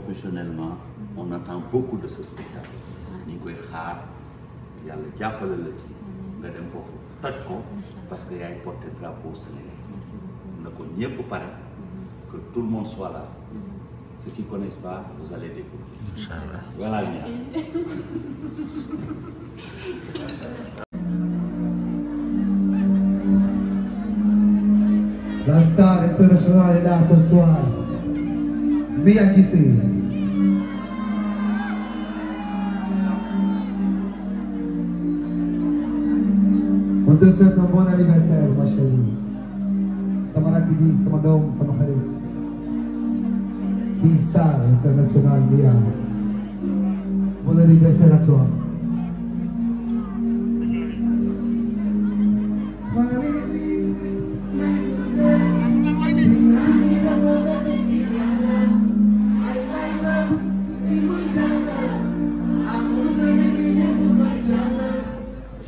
professionnellement on attend beaucoup de ce spectacle ñu koy xaar yàlla jàppale la ci nga dem foofu toj ko parce que yaay porté drapeau sénégalais na ko ñëpp pare que tout le monde soit là ceux qui connaissent pas vous allez découvrir inchallah voilà la star internationale est là ce soir Mia Gissé on te souhaite un bon anniversaire ma chérie sama rakk bi sama doom sama xarit si star international Mia bon anniversaire à toi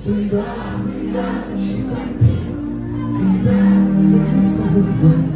Sing the She got paid. Ding dong, when it's over.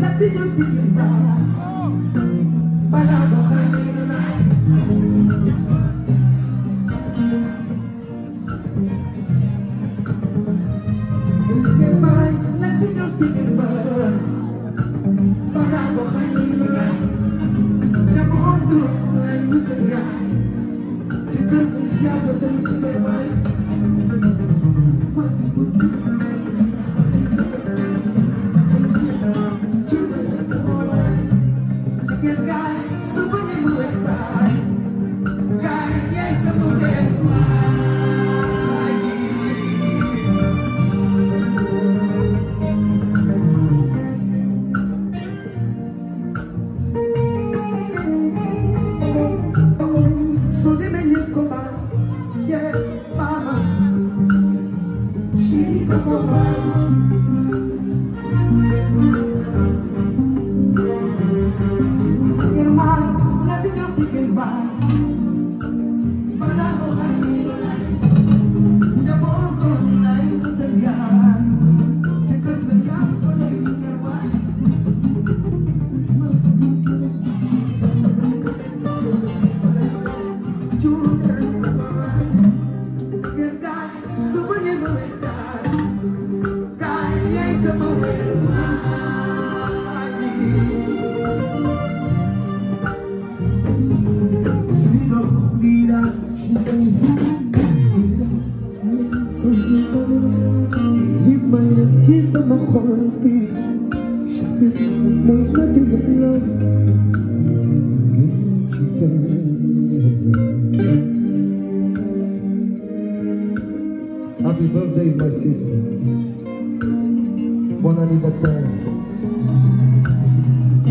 Latina, Balado, Jaime, Luna.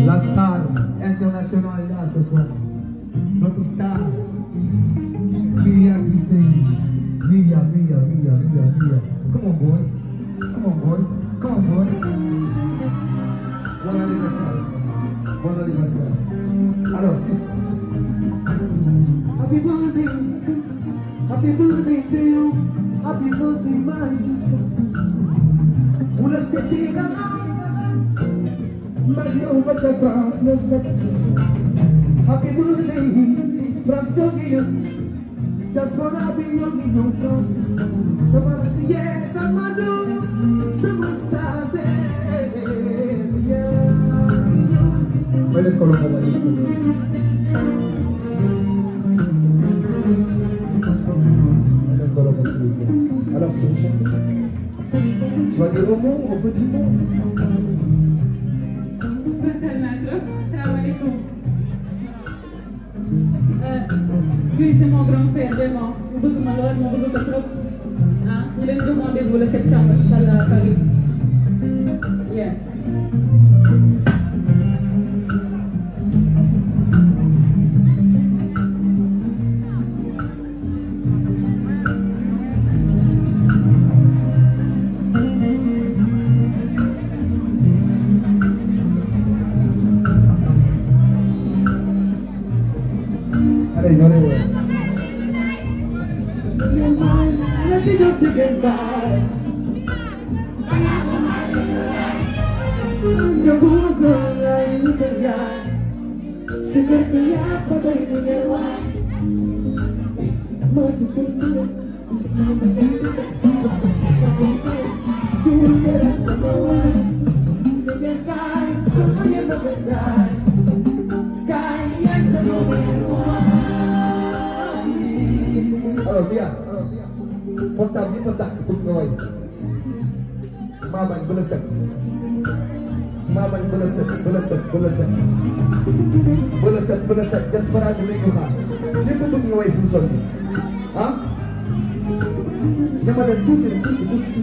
La star internationale est là ce soir. Notre star. Mia Kisei. Mia, Mia, Mia, Mia, Mia. Come on, boy. Come on, boy. Come on, boy. Bon anniversaire. Bon anniversaire. Alors, 6. Happy birthday. Happy birthday to you. Happy birthday, my sister. ça brasse le set happy birthday France jógi ñu diaspora bi ñoo ngi ñëw France sama rakk yee sama doom sama sabe Puede colocar la Puede colocar s'il vous plaît. Alors, tu veux chanter Tu vas dire au mot, au petit mot Guy c'est mon grand frère vraiment mu bëgg ma lool mu bëgg ko trop ah ñu leen jox rendez-vous le septembre incha yes. what you can buy. Your woman's not lying, you can lie. To get me out, but baby, get why? I'm not to put you, it's not my baby, it's not my baby. You will get out of my way. You can die, so I am not gonna die. Oh, yeah. waxtaan yëpp a tàkk bëgg nga way maa bañ ba la set maa bañ ba la set ba la set ba la set ba la set ba la set Desperado bi léegi xaar lépp bëgg nga way fi mu sol bi ah dama dem tuuti rek tuuti tuuti tuuti